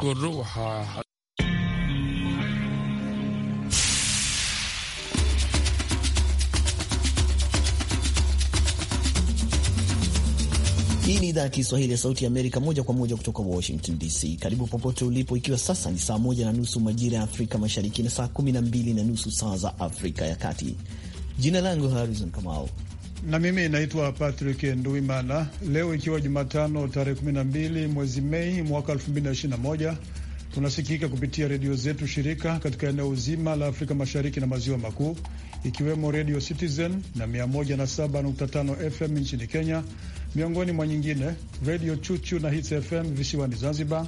Hii ni idhaa ya Kiswahili ya Sauti ya Amerika, moja kwa moja kutoka Washington DC. Karibu popote ulipo, ikiwa sasa ni saa moja na nusu majira ya Afrika Mashariki na saa kumi na mbili na nusu saa za Afrika ya Kati. Jina langu Harrison Kamau na mimi naitwa Patrick Nduimana. Leo ikiwa Jumatano tarehe 12 mwezi Mei mwaka 2021 tunasikika kupitia redio zetu shirika katika eneo zima la Afrika Mashariki na Maziwa Makuu, ikiwemo Redio Citizen na 107.5 FM nchini Kenya, miongoni mwa nyingine, Redio Chuchu na Hits FM visiwani Zanzibar,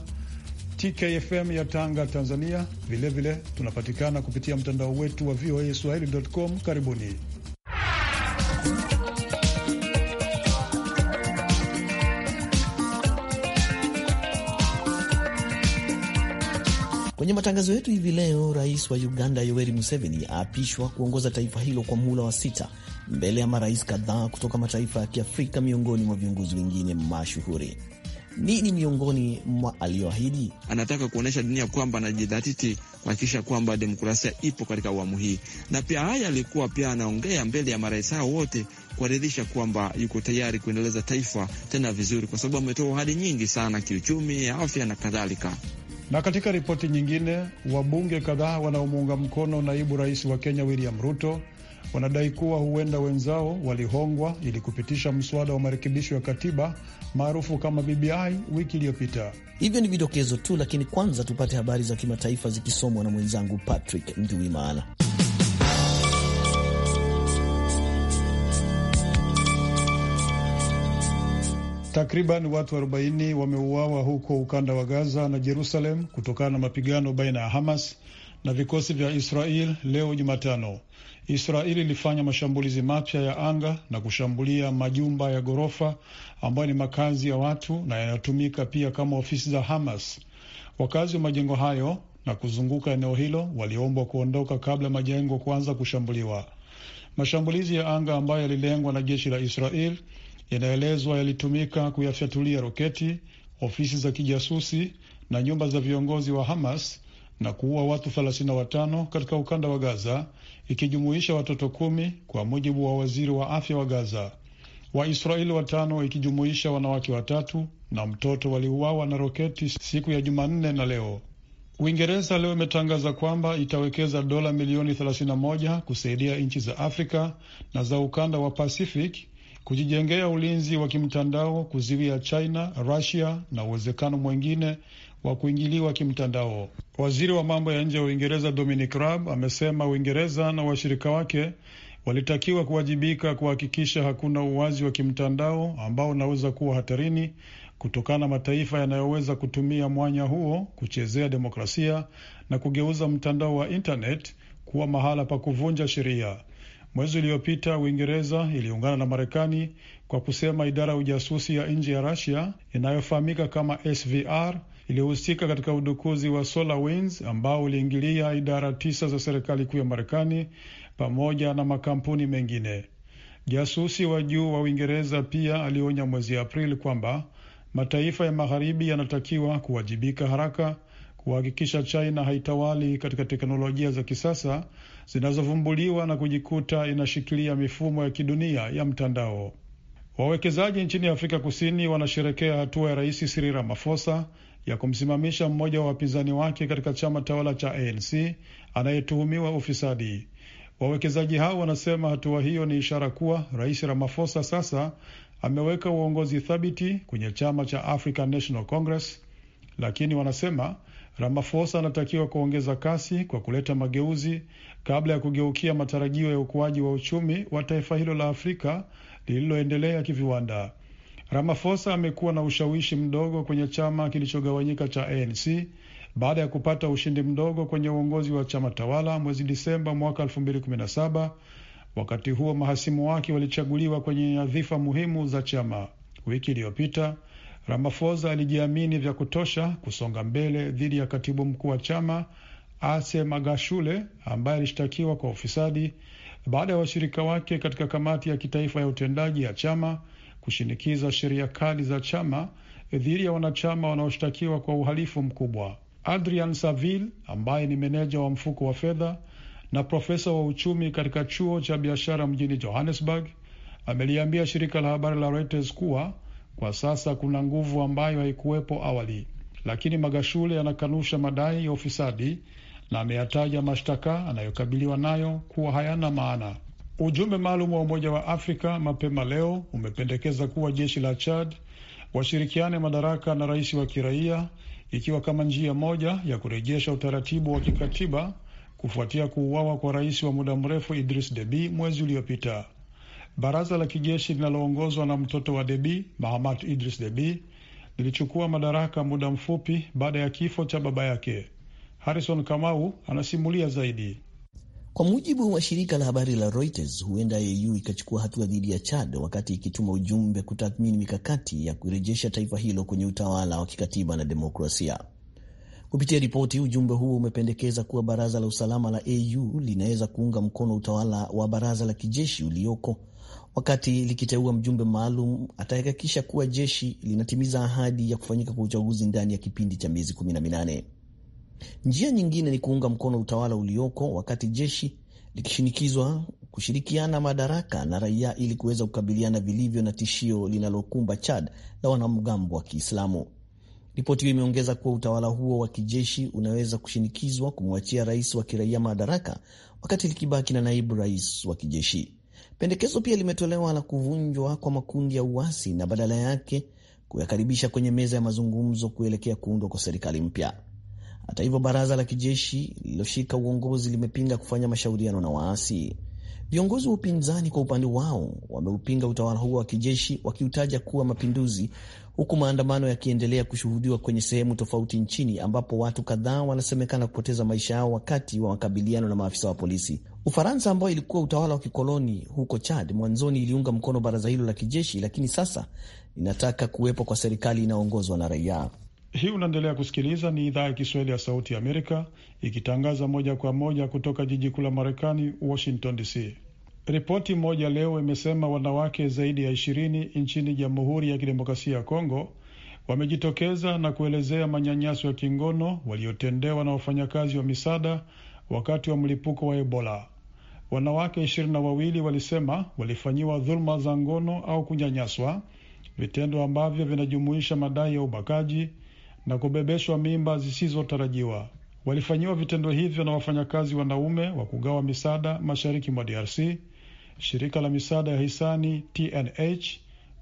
TKFM ya Tanga, Tanzania. Vilevile vile, tunapatikana kupitia mtandao wetu wa VOA Swahili.com. Karibuni. Kwenye matangazo yetu hivi leo, rais wa Uganda Yoweri Museveni aapishwa kuongoza taifa hilo kwa muhula wa sita mbele ya marais kadhaa kutoka mataifa ya Kiafrika miongoni mwa viongozi wengine mashuhuri. Nini miongoni mwa aliyoahidi? Anataka kuonyesha dunia kwamba anajidhatiti kuhakikisha kwamba demokrasia ipo katika awamu hii, na pia haya alikuwa pia anaongea mbele ya marais hao wote kuaridhisha kwamba yuko tayari kuendeleza taifa tena vizuri, kwa sababu ametoa ahadi nyingi sana kiuchumi, afya na kadhalika. Na katika ripoti nyingine, wabunge kadhaa wanaomuunga mkono naibu rais wa Kenya William Ruto wanadai kuwa huenda wenzao walihongwa ili kupitisha mswada wa marekebisho ya katiba maarufu kama BBI wiki iliyopita. Hivyo ni vidokezo tu, lakini kwanza tupate habari za kimataifa zikisomwa na mwenzangu Patrick nduimana Takriban watu 40 wameuawa huko ukanda wa Gaza na Jerusalem kutokana na mapigano baina ya Hamas na vikosi vya Israel leo Jumatano. Israel ilifanya mashambulizi mapya ya anga na kushambulia majumba ya ghorofa ambayo ni makazi ya watu na yanayotumika pia kama ofisi za Hamas. Wakazi wa majengo hayo na kuzunguka eneo hilo waliombwa kuondoka kabla majengo kuanza kushambuliwa. Mashambulizi ya anga ambayo yalilengwa na jeshi la Israel yanaelezwa yalitumika kuyafyatulia roketi ofisi za kijasusi na nyumba za viongozi wa Hamas na kuua watu 35 katika ukanda wa Gaza, ikijumuisha watoto kumi, kwa mujibu wa waziri wa afya wa Gaza. Waisraeli watano ikijumuisha wanawake watatu na mtoto waliuawa na roketi siku ya Jumanne na leo. Uingereza leo imetangaza kwamba itawekeza dola milioni 31 kusaidia nchi za Afrika na za ukanda wa Pacific kujijengea ulinzi wa kimtandao, kuziwia China, Rusia na uwezekano mwingine wa kuingiliwa kimtandao. Waziri wa mambo ya nje wa Uingereza Dominic Raab amesema Uingereza na washirika wake walitakiwa kuwajibika kuhakikisha hakuna uwazi wa kimtandao ambao unaweza kuwa hatarini kutokana na mataifa yanayoweza kutumia mwanya huo kuchezea demokrasia na kugeuza mtandao wa intanet kuwa mahala pa kuvunja sheria. Mwezi uliopita Uingereza iliungana na Marekani kwa kusema idara ya ujasusi ya nje ya Rusia inayofahamika kama SVR ilihusika katika udukuzi wa SolarWinds ambao uliingilia idara tisa za serikali kuu ya Marekani pamoja na makampuni mengine. Jasusi wa juu wa Uingereza pia alionya mwezi Aprili kwamba mataifa ya magharibi yanatakiwa kuwajibika haraka kuhakikisha China haitawali katika teknolojia za kisasa zinazovumbuliwa na kujikuta inashikilia mifumo ya kidunia ya mtandao. Wawekezaji nchini Afrika Kusini wanasherekea hatua ya Rais Cyril Ramaphosa ya kumsimamisha mmoja wa wapinzani wake katika chama tawala cha ANC anayetuhumiwa ufisadi. Wawekezaji hao wanasema hatua hiyo ni ishara kuwa Rais Ramaphosa sasa ameweka uongozi thabiti kwenye chama cha African National Congress, lakini wanasema Ramaphosa anatakiwa kuongeza kasi kwa kuleta mageuzi kabla ya kugeukia matarajio ya ukuaji wa uchumi wa taifa hilo la Afrika lililoendelea kiviwanda. Ramaphosa amekuwa na ushawishi mdogo kwenye chama kilichogawanyika cha ANC baada ya kupata ushindi mdogo kwenye uongozi wa chama tawala mwezi Disemba mwaka 2017. Wakati huo mahasimu wake walichaguliwa kwenye nyadhifa muhimu za chama. Wiki iliyopita Ramaphosa alijiamini vya kutosha kusonga mbele dhidi ya katibu mkuu wa chama Ase Magashule ambaye alishtakiwa kwa ufisadi baada ya washirika wake katika kamati ya kitaifa ya utendaji ya chama kushinikiza sheria kali za chama dhidi ya wanachama wanaoshtakiwa kwa uhalifu mkubwa. Adrian Saville ambaye ni meneja wa mfuko wa fedha na profesa wa uchumi katika chuo cha biashara mjini Johannesburg ameliambia shirika la habari la Reuters kuwa kwa sasa kuna nguvu ambayo haikuwepo awali, lakini Magashule anakanusha madai ya ufisadi na ameyataja mashtaka anayokabiliwa nayo kuwa hayana maana. Ujumbe maalum wa Umoja wa Afrika mapema leo umependekeza kuwa jeshi la Chad washirikiane madaraka na rais wa kiraia ikiwa kama njia moja ya kurejesha utaratibu wa kikatiba kufuatia kuuawa kwa rais wa muda mrefu Idris Deby mwezi uliopita. Baraza la kijeshi linaloongozwa na mtoto wa Debi, Mahamat Idris Debi, lilichukua madaraka muda mfupi baada ya kifo cha baba yake. Harrison Kamau anasimulia zaidi. Kwa mujibu wa shirika la habari la Reuters, huenda AU ikachukua hatua dhidi ya Chad wakati ikituma ujumbe kutathmini mikakati ya kurejesha taifa hilo kwenye utawala wa kikatiba na demokrasia. Kupitia ripoti, ujumbe huo umependekeza kuwa baraza la usalama la AU linaweza kuunga mkono utawala wa baraza la kijeshi ulioko, wakati likiteua mjumbe maalum atahakikisha kuwa jeshi linatimiza ahadi ya kufanyika kwa uchaguzi ndani ya kipindi cha miezi 18. Njia nyingine ni kuunga mkono utawala ulioko, wakati jeshi likishinikizwa kushirikiana madaraka na raia ili kuweza kukabiliana vilivyo na tishio linalokumba Chad la wanamgambo wa Kiislamu. Ripoti hiyo imeongeza kuwa utawala huo wa kijeshi unaweza kushinikizwa kumwachia rais wa kiraia madaraka wakati likibaki na naibu rais wa kijeshi. Pendekezo pia limetolewa la kuvunjwa kwa makundi ya uasi na badala yake kuyakaribisha kwenye meza ya mazungumzo kuelekea kuundwa kwa serikali mpya. Hata hivyo, baraza la kijeshi lililoshika uongozi limepinga kufanya mashauriano na waasi. Viongozi wa upinzani kwa upande wao wameupinga utawala huo wa kijeshi wakiutaja kuwa mapinduzi, huku maandamano yakiendelea kushuhudiwa kwenye sehemu tofauti nchini ambapo watu kadhaa wanasemekana kupoteza maisha yao wakati wa makabiliano na maafisa wa polisi. Ufaransa ambayo ilikuwa utawala wa kikoloni huko Chad mwanzoni iliunga mkono baraza hilo la kijeshi, lakini sasa inataka kuwepo kwa serikali inayoongozwa na raia. Hii unaendelea kusikiliza ni idhaa ya Kiswahili ya Sauti ya Amerika ikitangaza moja kwa moja kutoka jiji kuu la Marekani, Washington DC. Ripoti moja leo imesema wanawake zaidi ya ishirini nchini Jamhuri ya Kidemokrasia ya Kongo wamejitokeza na kuelezea manyanyaso ya kingono waliotendewa na wafanyakazi wa misaada wakati wa mlipuko wa Ebola. Wanawake ishirini na wawili walisema walifanyiwa dhuluma za ngono au kunyanyaswa, vitendo ambavyo vinajumuisha madai ya ubakaji na kubebeshwa mimba zisizotarajiwa. Walifanyiwa vitendo hivyo na wafanyakazi wanaume wa kugawa misaada mashariki mwa DRC. Shirika la misaada ya hisani TNH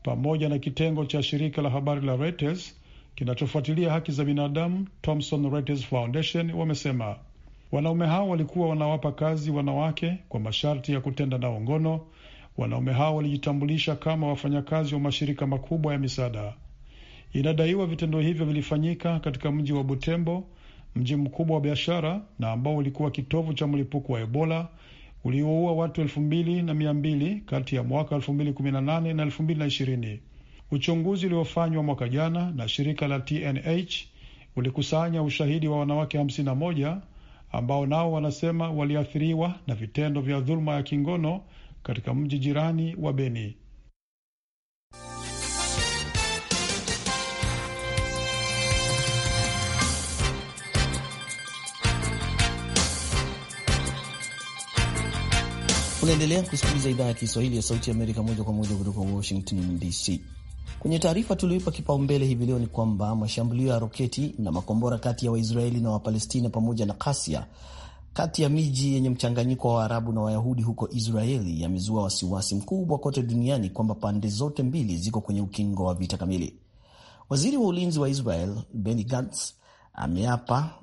pamoja na kitengo cha shirika la habari la Reuters kinachofuatilia haki za binadamu Thomson Reuters Foundation wamesema wanaume hao walikuwa wanawapa kazi wanawake kwa masharti ya kutenda nao ngono. Wanaume hao walijitambulisha kama wafanyakazi wa mashirika makubwa ya misaada. Inadaiwa vitendo hivyo vilifanyika katika mji wa Butembo, mji mkubwa wa biashara na ambao ulikuwa kitovu cha mlipuko wa Ebola ulioua watu elfu mbili na mia mbili kati ya mwaka elfu mbili kumi na nane na elfu mbili na ishirini. Uchunguzi uliofanywa mwaka jana na shirika la TNH ulikusanya ushahidi wa wanawake 51 ambao nao wanasema waliathiriwa na vitendo vya dhuluma ya kingono katika mji jirani wa Beni. Unaendelea kusikiliza idhaa ya Kiswahili ya Sauti ya Amerika moja kwa moja kutoka Washington DC. Kwenye taarifa tulioipa kipaumbele hivi leo ni kwamba mashambulio ya roketi na makombora kati ya Waisraeli na Wapalestina pamoja na kasia kati ya miji yenye mchanganyiko wa Waarabu na Wayahudi huko Israeli yamezua wasiwasi mkubwa kote duniani kwamba pande zote mbili ziko kwenye ukingo wa vita kamili. Waziri wa ulinzi wa Israel Benny Gantz ameapa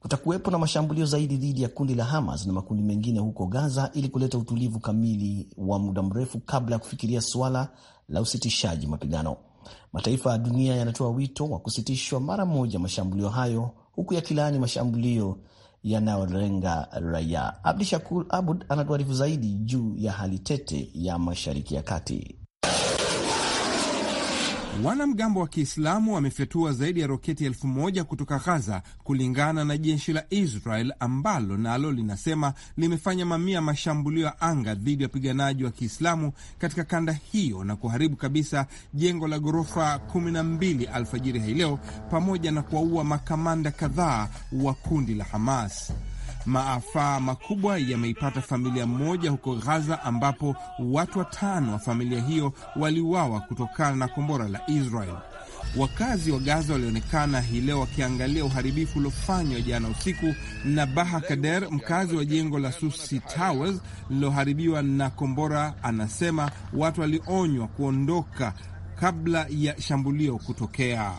Kutakuwepo na mashambulio zaidi dhidi ya kundi la Hamas na makundi mengine huko Gaza ili kuleta utulivu kamili wa muda mrefu kabla ya kufikiria suala la usitishaji mapigano. Mataifa ya dunia yanatoa wito wa kusitishwa mara moja mashambulio hayo, huku yakilaani mashambulio yanayolenga raia. Abdi Shakur Abud anatuarifu zaidi juu ya hali tete ya Mashariki ya Kati. Wanamgambo wa Kiislamu wamefyatua zaidi ya roketi elfu moja kutoka Ghaza, kulingana na jeshi la Israel ambalo nalo na linasema limefanya mamia mashambulio ya anga dhidi ya wapiganaji wa Kiislamu katika kanda hiyo na kuharibu kabisa jengo la ghorofa 12 alfajiri hii leo, pamoja na kuwaua makamanda kadhaa wa kundi la Hamas. Maafa makubwa yameipata familia moja huko Gaza, ambapo watu watano wa familia hiyo waliuawa kutokana na kombora la Israel. Wakazi wa Gaza walionekana hii leo wakiangalia uharibifu uliofanywa jana usiku na Baha Kader, mkazi wa jengo la Susi Towers lililoharibiwa na kombora. Anasema watu walionywa kuondoka kabla ya shambulio kutokea.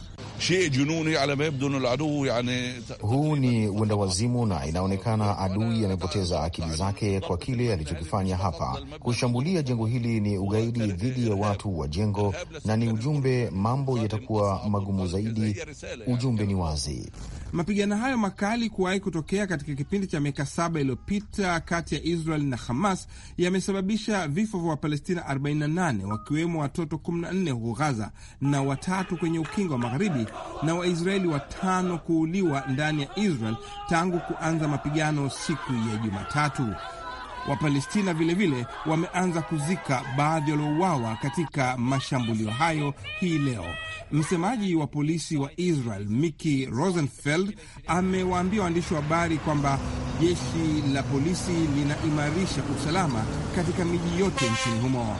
Huu ni uenda wazimu na inaonekana adui amepoteza akili zake kwa kile alichokifanya hapa. Kushambulia jengo hili ni ugaidi dhidi ya watu wa jengo na ni ujumbe, mambo yatakuwa magumu zaidi. Ujumbe ni wazi. Mapigano hayo makali kuwahi kutokea katika kipindi cha miaka saba iliyopita kati ya Israel na Hamas yamesababisha vifo vya Wapalestina 48 wakiwemo watoto 14 huko Gaza na watatu kwenye ukingo wa Magharibi na Waisraeli watano kuuliwa ndani ya Israel tangu kuanza mapigano siku ya Jumatatu. Wapalestina vilevile wameanza kuzika baadhi waliouawa katika mashambulio hayo hii leo. Msemaji wa polisi wa Israel Miki Rosenfeld amewaambia waandishi wa habari kwamba jeshi la polisi linaimarisha usalama katika miji yote nchini humo.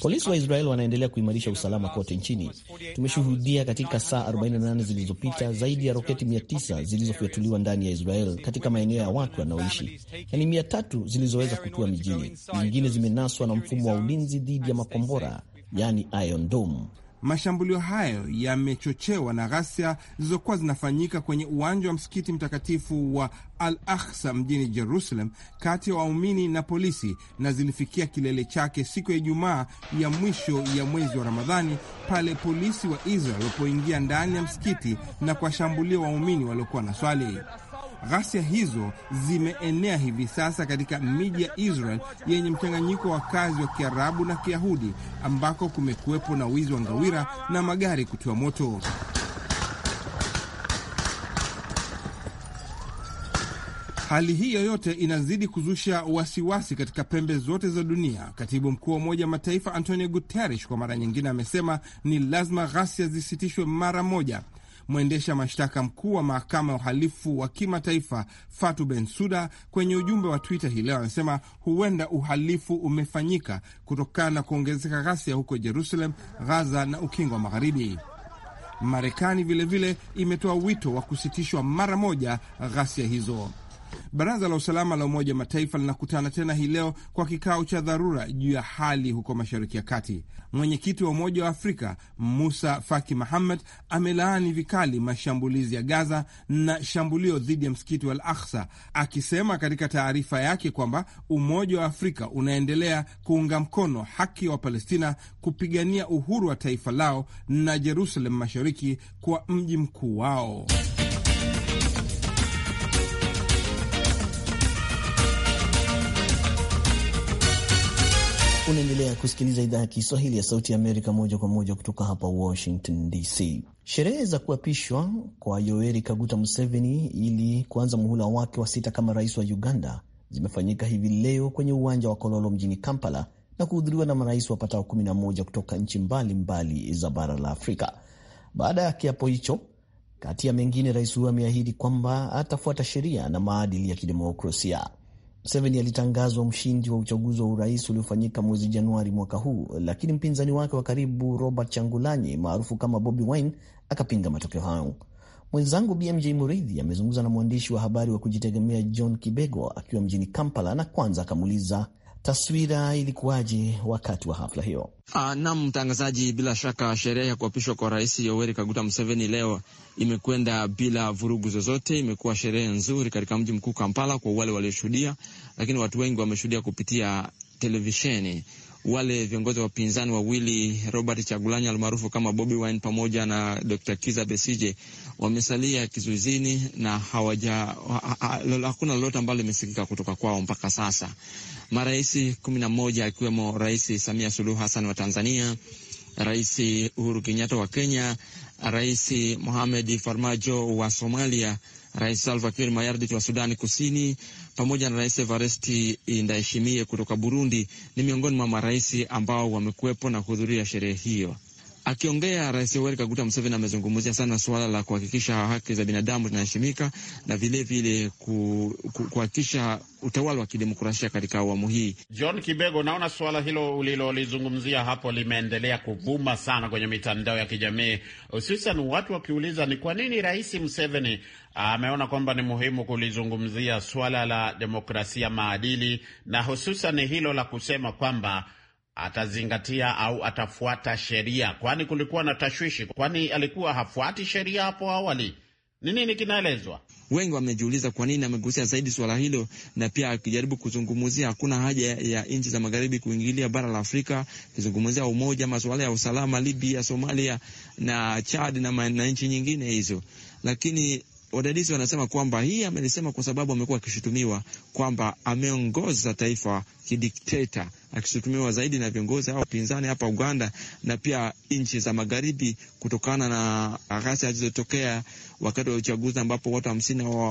Polisi wa Israel wanaendelea kuimarisha usalama kote nchini. Tumeshuhudia katika saa 48 zilizopita zaidi ya roketi 900 zilizofyatuliwa ndani ya Israel katika maeneo ya watu watu wanaoishi, yaani mia tatu zilizoweza kutua mijini, nyingine zimenaswa na mfumo wa ulinzi dhidi ya makombora, yani Iron Dome. Mashambulio hayo yamechochewa na ghasia zilizokuwa zinafanyika kwenye uwanja wa msikiti mtakatifu wa Al Aksa mjini Jerusalem kati ya wa waumini na polisi na zilifikia kilele chake siku ya Ijumaa ya mwisho ya mwezi wa Ramadhani pale polisi wa Israel walipoingia ndani ya msikiti na kuwashambulia waumini waliokuwa na swali. Ghasia hizo zimeenea hivi sasa katika miji ya Israel yenye mchanganyiko wa wakazi wa Kiarabu na Kiyahudi, ambako kumekuwepo na wizi wa ngawira na magari kutiwa moto. Hali hii yoyote inazidi kuzusha wasiwasi katika pembe zote za dunia. Katibu mkuu wa Umoja wa Mataifa Antonio Guterres kwa mara nyingine amesema ni lazima ghasia zisitishwe mara moja mwendesha mashtaka mkuu wa mahakama ya uhalifu wa kimataifa Fatu Bensuda kwenye ujumbe wa Twitter hii leo anasema huenda uhalifu umefanyika kutokana na kuongezeka ghasia huko Jerusalem, Gaza na ukingo wa Magharibi. Marekani vilevile imetoa wito wa kusitishwa mara moja ghasia hizo. Baraza la usalama la Umoja Mataifa linakutana tena hii leo kwa kikao cha dharura juu ya hali huko Mashariki ya Kati. Mwenyekiti wa Umoja wa Afrika Musa Faki mahamad amelaani vikali mashambulizi ya Gaza na shambulio dhidi ya msikiti wa Al Aksa, akisema katika taarifa yake kwamba Umoja wa Afrika unaendelea kuunga mkono haki wa Palestina kupigania uhuru wa taifa lao na Jerusalem Mashariki kwa mji mkuu wao. Unaendelea kusikiliza idhaa ya Kiswahili ya Sauti ya Amerika moja kwa moja kutoka hapa Washington DC. Sherehe za kuapishwa kwa Yoweri Kaguta Museveni ili kuanza muhula wake wa sita kama rais wa Uganda zimefanyika hivi leo kwenye uwanja wa Kololo mjini Kampala na kuhudhuriwa na marais wapatao 11 kutoka nchi mbalimbali za bara la Afrika. Baada ya kiapo hicho, kati ya mengine, rais huyo ameahidi kwamba atafuata sheria na maadili ya kidemokrasia. Museveni alitangazwa mshindi wa uchaguzi wa urais uliofanyika mwezi Januari mwaka huu, lakini mpinzani wake wa karibu Robert Changulanyi maarufu kama Bobi Wine akapinga matokeo hayo. Mwenzangu BMJ Muridhi amezungumza na mwandishi wa habari wa kujitegemea John Kibego akiwa mjini Kampala, na kwanza akamuuliza Taswira ilikuwaje wakati wa hafla hiyo? Ah, naam, mtangazaji, bila shaka sherehe ya kuapishwa kwa Rais Yoweri Kaguta Museveni leo imekwenda bila vurugu zozote. Imekuwa sherehe nzuri katika mji mkuu Kampala kwa wale walioshuhudia, lakini watu wengi wameshuhudia kupitia televisheni wale viongozi wa upinzani wawili Robert Chagulanyi almaarufu kama Bobi Wine pamoja na Dr. Kiza Besije wamesalia kizuizini na hawaja hakuna lolote ambalo limesikika kutoka kwao mpaka sasa. Marais kumi na moja akiwemo Rais Samia Suluhu Hassan wa Tanzania, Rais Uhuru Kenyatta wa Kenya, Rais Mohamed Farmajo wa Somalia, Rais Salva Kiir Mayardit wa Sudani Kusini pamoja na Rais Evaresti Ndayishimiye kutoka Burundi ni miongoni mwa marais ambao wamekuwepo na kuhudhuria sherehe hiyo. Akiongea Rais Yoweri Kaguta Museveni amezungumzia sana suala la kuhakikisha haki za binadamu zinaheshimika na vilevile kuhakikisha utawala wa kidemokrasia katika awamu hii. John Kibego, naona suala hilo ulilolizungumzia hapo limeendelea kuvuma sana kwenye mitandao ya kijamii, hususan watu wakiuliza ni kwa nini Rais Museveni ameona kwamba ni muhimu kulizungumzia swala la demokrasia, maadili na hususan hilo la kusema kwamba atazingatia au atafuata sheria? Kwani kulikuwa na tashwishi, kwani alikuwa hafuati sheria hapo awali. Ni nini kinaelezwa? Wengi wamejiuliza kwa nini amegusia zaidi suala hilo, na pia akijaribu kuzungumzia hakuna haja ya nchi za magharibi kuingilia bara la Afrika, kizungumzia umoja, masuala ya usalama Libya, Somalia na Chad na, na nchi nyingine hizo, lakini wadadisi wanasema kwamba hii amelisema kwa sababu amekuwa akishutumiwa kwamba ameongoza taifa kidikteta akishutumiwa zaidi na viongozi hao wapinzani hapa Uganda na pia nchi za magharibi kutokana na ghasia zilizotokea wakati wa uchaguzi ambapo watu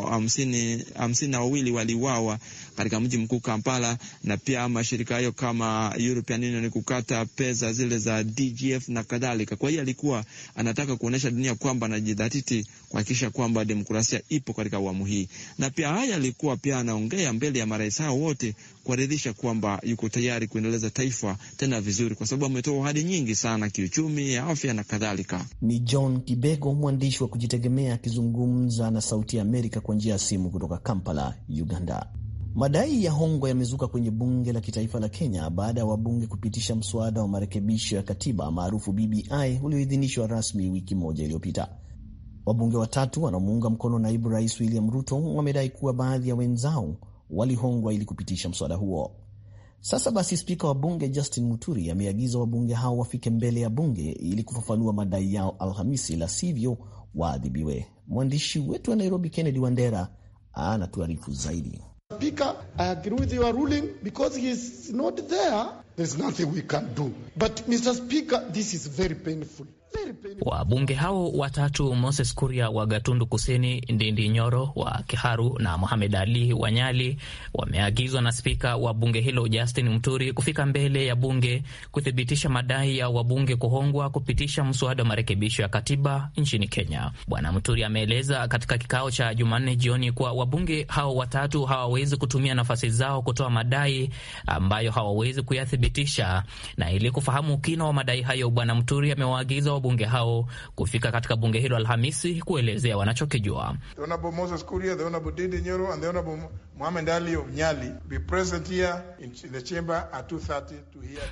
hamsini na wawili waliuawa katika mji mkuu Kampala, na pia mashirika hayo kama European Union kukata pesa zile za DGF na kadhalika. Kwa hiyo alikuwa anataka kuonyesha dunia kwamba anajidhatiti kuhakikisha kwamba demokrasia ipo katika awamu hii, na pia haya alikuwa pia anaongea mbele ya marais hao wote kuaridhisha kwamba yuko tayari kuendeleza taifa tena vizuri, kwa sababu ametoa ahadi nyingi sana kiuchumi, afya na kadhalika. Ni John Kibego, mwandishi wa kujitegemea akizungumza na Sauti ya Amerika kwa njia ya simu kutoka Kampala, Uganda. Madai ya hongo yamezuka kwenye bunge la kitaifa la Kenya baada ya wabunge kupitisha mswada wa marekebisho ya katiba maarufu BBI ulioidhinishwa rasmi wiki moja iliyopita. Wabunge watatu wanaomuunga mkono naibu rais William Ruto wamedai kuwa baadhi ya wenzao walihongwa ili kupitisha mswada huo. Sasa basi, spika wa bunge Justin Muturi ameagiza wabunge hao wafike mbele ya bunge ili kufafanua madai yao Alhamisi, la sivyo waadhibiwe. Mwandishi wetu wa Nairobi Kennedy Wandera anatuarifu zaidi. Wabunge hao watatu Moses Kuria wa Gatundu Kusini, Ndindi Nyoro wa Kiharu na muhamed Ali wa Nyali wameagizwa na spika wa bunge hilo Justin mturi kufika mbele ya bunge kuthibitisha madai ya wabunge kuhongwa kupitisha mswada wa marekebisho ya katiba nchini Kenya. Bwana Mturi ameeleza katika kikao cha Jumanne jioni kuwa wabunge hao watatu hawawezi kutumia nafasi zao kutoa madai ambayo hawawezi kuyathibitisha, na ili kufahamu kina wa madai hayo, Bwana Mturi amewaagiza wabunge hao kufika katika bunge hilo Alhamisi kuelezea wanachokijua.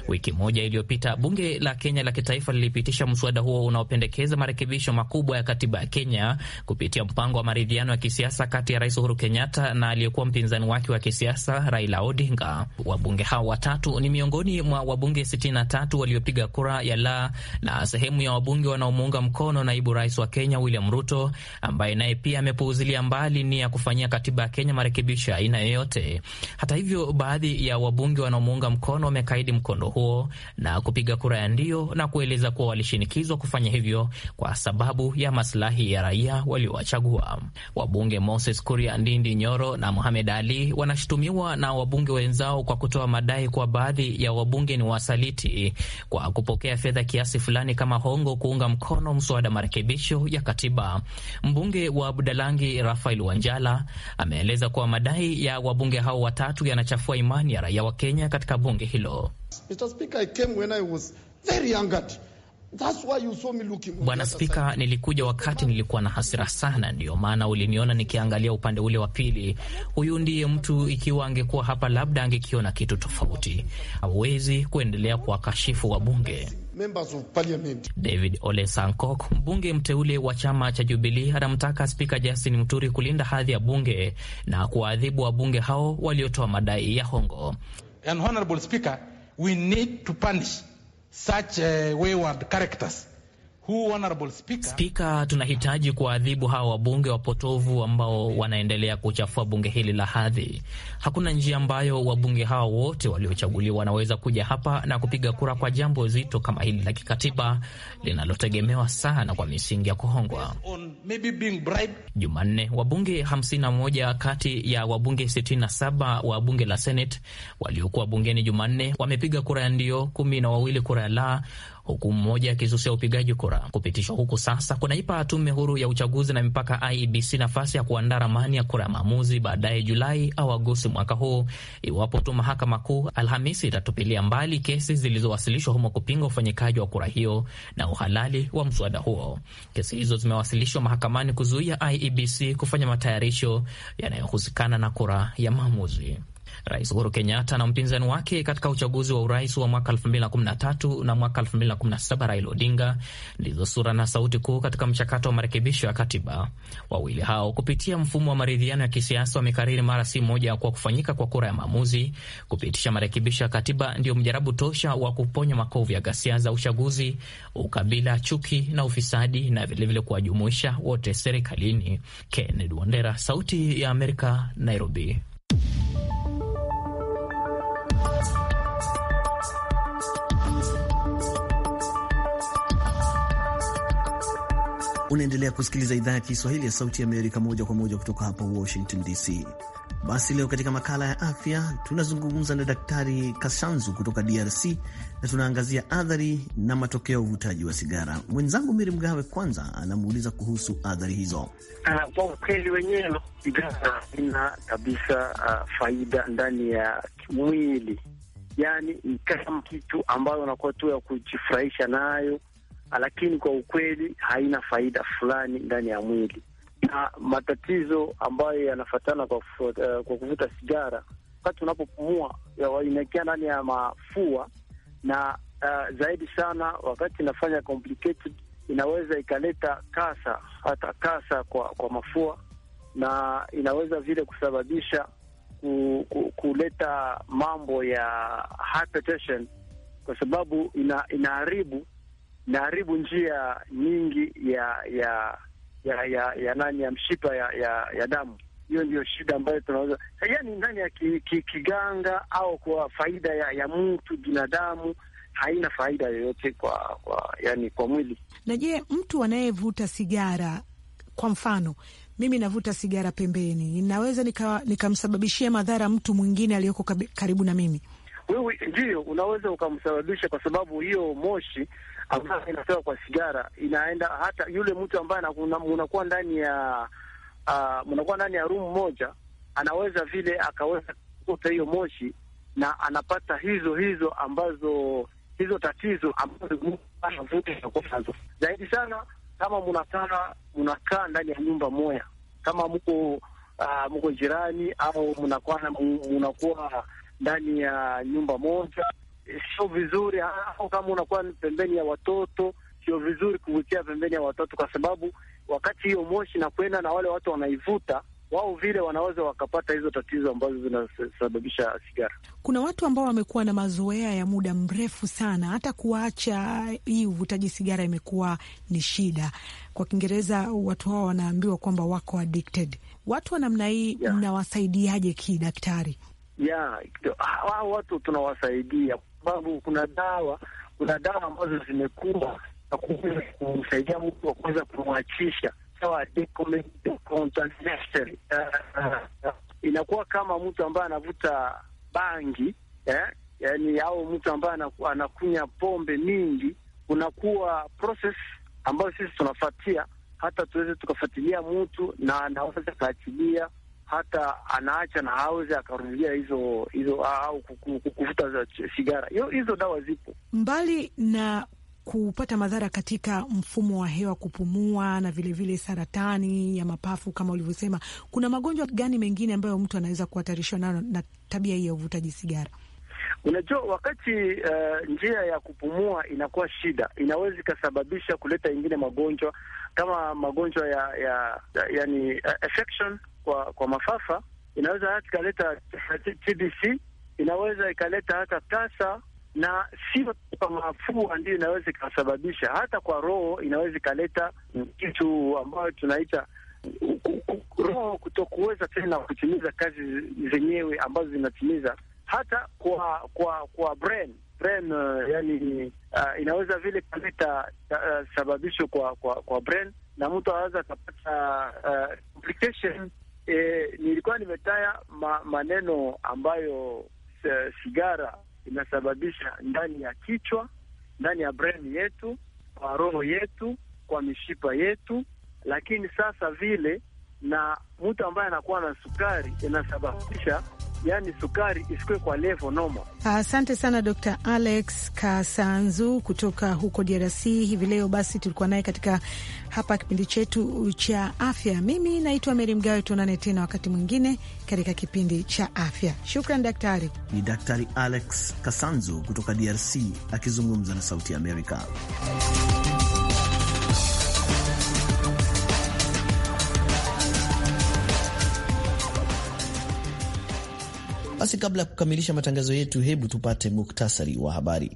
Wiki moja iliyopita bunge la Kenya la kitaifa lilipitisha mswada huo unaopendekeza marekebisho makubwa ya katiba ya Kenya kupitia mpango wa maridhiano ya kisiasa kati ya Rais Uhuru Kenyatta na aliyekuwa mpinzani wake wa kisiasa Raila Odinga. Wabunge hao watatu ni miongoni mwa wabunge 63 waliopiga kura ya la na sehemu ya wabunge wanaomuunga mkono naibu rais wa Kenya William Ruto, ambaye naye pia amepuuzilia mbali nia ya kufanyia katiba ya Kenya marekebisho ya aina yoyote. Hata hivyo, baadhi ya wabunge wanaomuunga mkono wamekaidi mkondo huo na kupiga kura ya ndio na kueleza kuwa walishinikizwa kufanya hivyo kwa sababu ya masilahi ya raia waliowachagua. Wabunge Moses Kuria, Ndindi Nyoro na Mohamed Ali wanashutumiwa na wabunge wenzao kwa kutoa madai kwa baadhi ya wabunge ni wasaliti kwa kupokea fedha kiasi fulani kama hongo hivyo kuunga mkono mswada marekebisho ya katiba. Mbunge wa Budalangi Rafael Wanjala ameeleza kuwa madai ya wabunge hao watatu yanachafua imani ya raia wa Kenya katika bunge hilo. Mr. Speaker, I came when I was very angered. Bwana Spika, nilikuja wakati nilikuwa na hasira sana, ndiyo maana uliniona nikiangalia upande ule wa pili. Huyu ndiye mtu, ikiwa angekuwa hapa labda angekiona kitu tofauti. Hawezi kuendelea kuwakashifu wabunge. David Ole Sankok, mbunge mteule wa chama cha Jubilii, anamtaka Spika Justin Muturi kulinda hadhi ya bunge na kuwaadhibu wabunge hao waliotoa madai ya hongo. And such uh, wayward characters Spika, tunahitaji kuwaadhibu hawa wabunge wapotovu ambao wanaendelea kuchafua bunge hili la hadhi. Hakuna njia ambayo wabunge hawa wote waliochaguliwa wanaweza kuja hapa na kupiga kura kwa jambo zito kama hili la kikatiba linalotegemewa sana kwa misingi ya kuhongwa. Jumanne, wabunge 51 kati ya wabunge 67 wa bunge la Senate waliokuwa bungeni Jumanne wamepiga kura ya ndio, kumi na wawili kura ya la huku mmoja akisusia upigaji kura. Kupitishwa huku sasa kunaipa tume huru ya uchaguzi na mipaka IEBC nafasi ya kuandaa ramani ya kura ya maamuzi baadaye Julai au Agosti mwaka huu, iwapo tu mahakama kuu Alhamisi itatupilia mbali kesi zilizowasilishwa humo kupinga ufanyikaji wa kura hiyo na uhalali wa mswada huo. Kesi hizo zimewasilishwa mahakamani kuzuia IEBC kufanya matayarisho yanayohusikana na kura ya maamuzi. Rais Uhuru Kenyatta na mpinzani wake katika uchaguzi wa urais wa mwaka 2013 na mwaka 2017 Raila Odinga ndizo sura na sauti kuu katika mchakato wa marekebisho ya katiba. Wawili hao kupitia mfumo wa maridhiano ya kisiasa wamekariri mara si moja kwa kufanyika kwa kura ya maamuzi kupitisha marekebisho ya katiba ndiyo mjarabu tosha wa kuponya makovu ya ghasia za uchaguzi, ukabila, chuki na ufisadi na vilevile kuwajumuisha wote serikalini. Kennedy Wandera, Sauti ya Amerika, Nairobi. Unaendelea kusikiliza idhaa ya Kiswahili ya Sauti ya Amerika moja kwa moja kutoka hapa Washington DC. Basi leo katika makala ya afya tunazungumza na Daktari Kasanzu kutoka DRC na tunaangazia adhari na matokeo ya uvutaji wa sigara. Mwenzangu Miri Mgawe kwanza anamuuliza kuhusu adhari hizo. Ah, kwa ukweli wenyewe, sigara ina kabisa uh, faida ndani ya mwili, yani ni kama kitu ambayo unakuwa tu ya kujifurahisha nayo lakini kwa ukweli haina faida fulani ndani ya mwili, na matatizo ambayo yanafatana kwa, uh, kwa kuvuta sigara, wakati unapopumua inaingia ndani ya mafua na uh, zaidi sana wakati inafanya complicated inaweza ikaleta kasa, hata kasa kwa kwa mafua, na inaweza vile kusababisha ku, ku, kuleta mambo ya hypertension, kwa sababu ina, inaharibu naharibu njia nyingi ya ya ya ya, ya nani ya mshipa ya ya, ya damu. Hiyo ndiyo shida ambayo tunaweza yani ndani ya kiganga ki, au kwa faida ya, ya mtu binadamu haina faida yoyote kwa kwa yani kwa mwili. Na je, mtu anayevuta sigara kwa mfano mimi navuta sigara pembeni, naweza nikamsababishia nika madhara mtu mwingine aliyoko karibu na mimi? Wewe ndiyo unaweza ukamsababisha, kwa sababu hiyo moshi ambayo inatoka kwa sigara inaenda hata yule mtu ambaye mnakuwa ndani ya uh, ah, mnakuwa ndani ya room moja, anaweza vile akaweza kukuta hiyo moshi na anapata hizo hizo ambazo hizo tatizo ambazo nazo zaidi sana, kama mnakaa munakaa ndani ya nyumba moja, kama mko uh, ah, mko jirani au munakuwa ndani ya nyumba moja sio vizuri, au kama unakuwa pembeni ya watoto sio vizuri kuvutia pembeni ya watoto, kwa sababu wakati hiyo moshi inakwenda na wale watu wanaivuta wao vile wanaweza wakapata hizo tatizo ambazo zinasababisha sigara. Kuna watu ambao wamekuwa na mazoea ya muda mrefu sana, hata kuacha hii uvutaji sigara imekuwa ni shida. Kwa Kiingereza watu hao wanaambiwa kwamba wako addicted. Watu wa namna hii mnawasaidiaje kidaktari? Yeah, hao watu tunawasaidia sababu kuna dawa kuna dawa ambazo zimekuwa na kuweza kumsaidia mtu wa kuweza kumwachisha sawa, eh, inakuwa kama mtu ambaye anavuta bangi eh, yani au mtu ambaye anakunya pombe mingi, kunakuwa process ambayo sisi tunafuatia hata tuweze tukafuatilia mtu na anaweza kaachilia hata anaacha na hawezi akarudia hizo hizo au kuvuta sigara. Hiyo hizo dawa zipo, mbali na kupata madhara katika mfumo wa hewa, kupumua na vilevile vile saratani ya mapafu kama ulivyosema. Kuna magonjwa gani mengine ambayo mtu anaweza kuhatarishwa nayo na tabia hii ya uvutaji sigara? Unajua, wakati uh, njia ya kupumua inakuwa shida, inaweza ikasababisha kuleta ingine magonjwa kama magonjwa ya, ya, ya yani, uh, kwa kwa mafafa, inaweza hata ikaleta TBC, inaweza ikaleta hata tasa, na sio kwa mafua ndio inaweza ikasababisha, hata kwa roho inaweza ikaleta mm. kitu ambayo tunaita roho kutokuweza tena kutimiza kazi zenyewe ambazo zinatimiza, hata kwa kwa kwa brain brain, uh, yani uh, inaweza vile kaleta uh, sababisho kwa kwa kwa brain na mtu anaweza akapata uh, complication e, nilikuwa nimetaya ma, maneno ambayo se, sigara inasababisha ndani ya kichwa, ndani ya breni yetu, kwa roho yetu, kwa mishipa yetu, lakini sasa vile na mtu ambaye anakuwa na sukari inasababisha yani sukari isikuwe kwa levo noma. Asante sana Dr. Alex Kasanzu kutoka huko DRC hivi leo. Basi tulikuwa naye katika hapa kipindi chetu cha afya. Mimi naitwa Meri Mgawe, tuonane tena wakati mwingine katika kipindi cha afya. Shukran daktari. Ni Daktari Alex Kasanzu kutoka DRC akizungumza na Sauti ya Amerika. Basi kabla ya kukamilisha matangazo yetu, hebu tupate muktasari wa habari.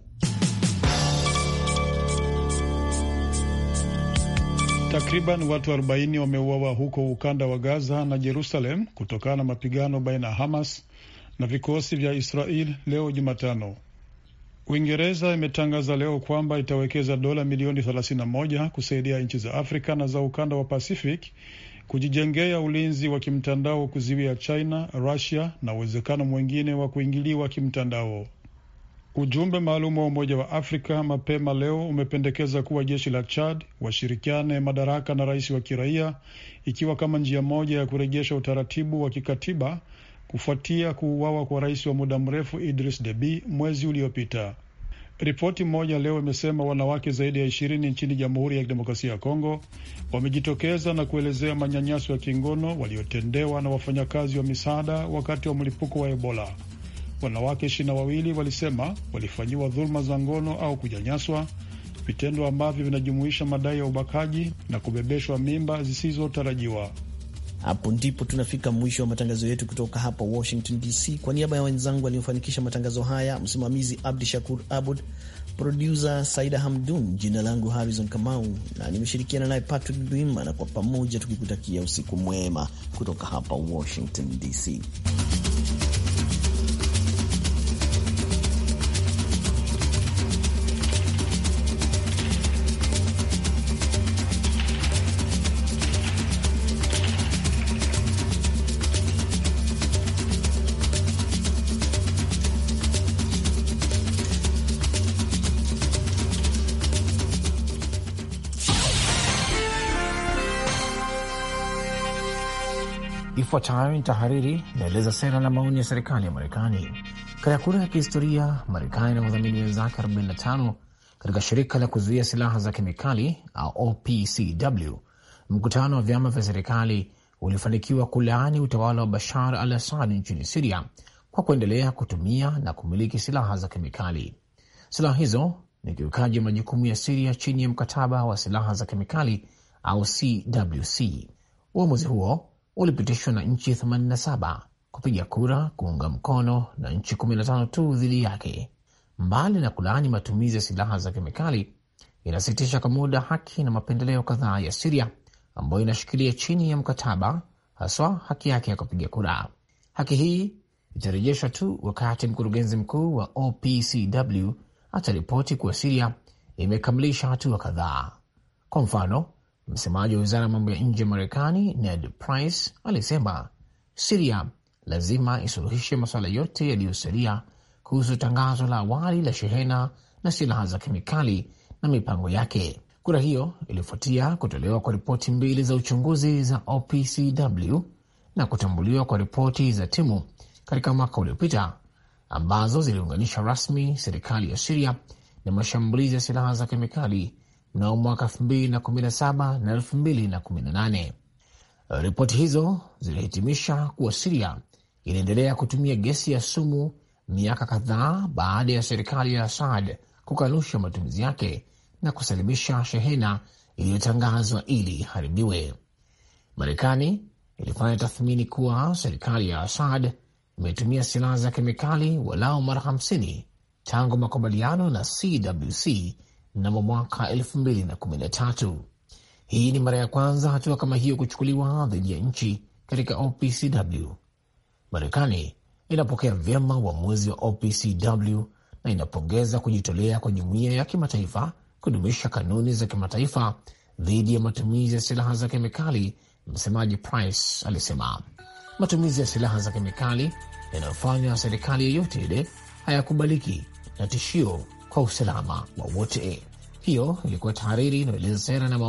Takriban watu 40 wameuawa huko ukanda wa Gaza na Jerusalem kutokana na mapigano baina ya Hamas na vikosi vya Israel leo Jumatano. Uingereza imetangaza leo kwamba itawekeza dola milioni 31 kusaidia nchi za Afrika na za ukanda wa Pacific kujijengea ulinzi wa kimtandao kuziwia China, Rusia na uwezekano mwingine wa kuingiliwa kimtandao. Ujumbe maalum wa Umoja wa Afrika mapema leo umependekeza kuwa jeshi la Chad washirikiane madaraka na rais wa kiraia ikiwa kama njia moja ya kurejesha utaratibu wa kikatiba kufuatia kuuawa kwa rais wa muda mrefu Idris Deby mwezi uliopita. Ripoti moja leo imesema wanawake zaidi ya ishirini nchini Jamhuri ya Kidemokrasia ya Kongo wamejitokeza na kuelezea manyanyaso ya kingono waliotendewa na wafanyakazi wa misaada wakati wa mlipuko wa Ebola. Wanawake ishirini na wawili walisema walifanyiwa dhuluma za ngono au kunyanyaswa, vitendo ambavyo vinajumuisha madai ya ubakaji na kubebeshwa mimba zisizotarajiwa. Hapo ndipo tunafika mwisho wa matangazo yetu kutoka hapa Washington DC. Kwa niaba ya wenzangu waliofanikisha matangazo haya, msimamizi Abdi Shakur Abud, produsa Saida Hamdun, jina langu Harrison Kamau na nimeshirikiana naye Patrick Dwima, na kwa pamoja tukikutakia usiku mwema kutoka hapa Washington DC. Ifuatayo ni tahariri inaeleza sera na maoni ya serikali ya Marekani. Katika kura ya kihistoria, Marekani na wadhamini wenzake 45 katika shirika la kuzuia silaha za kemikali au OPCW, mkutano wa vyama vya serikali ulifanikiwa kulaani utawala wa Bashar al Assad nchini Siria kwa kuendelea kutumia na kumiliki silaha za kemikali. Silaha hizo ni kiukaji wa majukumu ya Siria chini ya mkataba wa silaha za kemikali au CWC. Uamuzi huo ulipitishwa na nchi 87 kupiga kura kuunga mkono na nchi 15 tu dhidi yake. Mbali na kulaani matumizi ya silaha za kemikali, inasitisha kwa muda haki na mapendeleo kadhaa ya Siria ambayo inashikilia chini ya mkataba, haswa haki yake ya kupiga kura. Haki hii itarejeshwa tu wakati mkurugenzi mkuu wa OPCW ataripoti kuwa Siria imekamilisha hatua kadhaa. Kwa mfano, Msemaji wa wizara ya mambo ya nje ya Marekani Ned Price alisema Siria lazima isuluhishe masuala yote yaliyosalia kuhusu tangazo la awali la shehena na silaha za kemikali na mipango yake. Kura hiyo ilifuatia kutolewa kwa ripoti mbili za uchunguzi za OPCW na kutambuliwa kwa ripoti za timu katika mwaka uliopita ambazo ziliunganisha rasmi serikali ya Siria na mashambulizi ya silaha za kemikali mnamo mwaka 2017 na 2018. Ripoti hizo zilihitimisha kuwa Siria inaendelea kutumia gesi ya sumu miaka kadhaa baada ya serikali ya Assad kukanusha matumizi yake na kusalimisha shehena iliyotangazwa ili iharibiwe. Marekani ilifanya tathmini kuwa serikali ya Assad imetumia silaha za kemikali walau mara 50 tangu makubaliano na CWC mnamo mwaka elfu mbili na kumi na tatu. Hii ni mara ya kwanza hatua kama hiyo kuchukuliwa dhidi ya nchi katika OPCW. Marekani inapokea vyema uamuzi wa OPCW na inapongeza kujitolea kwa jumuiya ya kimataifa kudumisha kanuni za kimataifa dhidi ya matumizi ya silaha za kemikali. Msemaji Price alisema matumizi ya silaha za kemikali yanayofanywa na serikali yoyote ile hayakubaliki na tishio kwa usalama wa wote. Hiyo ilikuwa tahariri inayoeleza sera na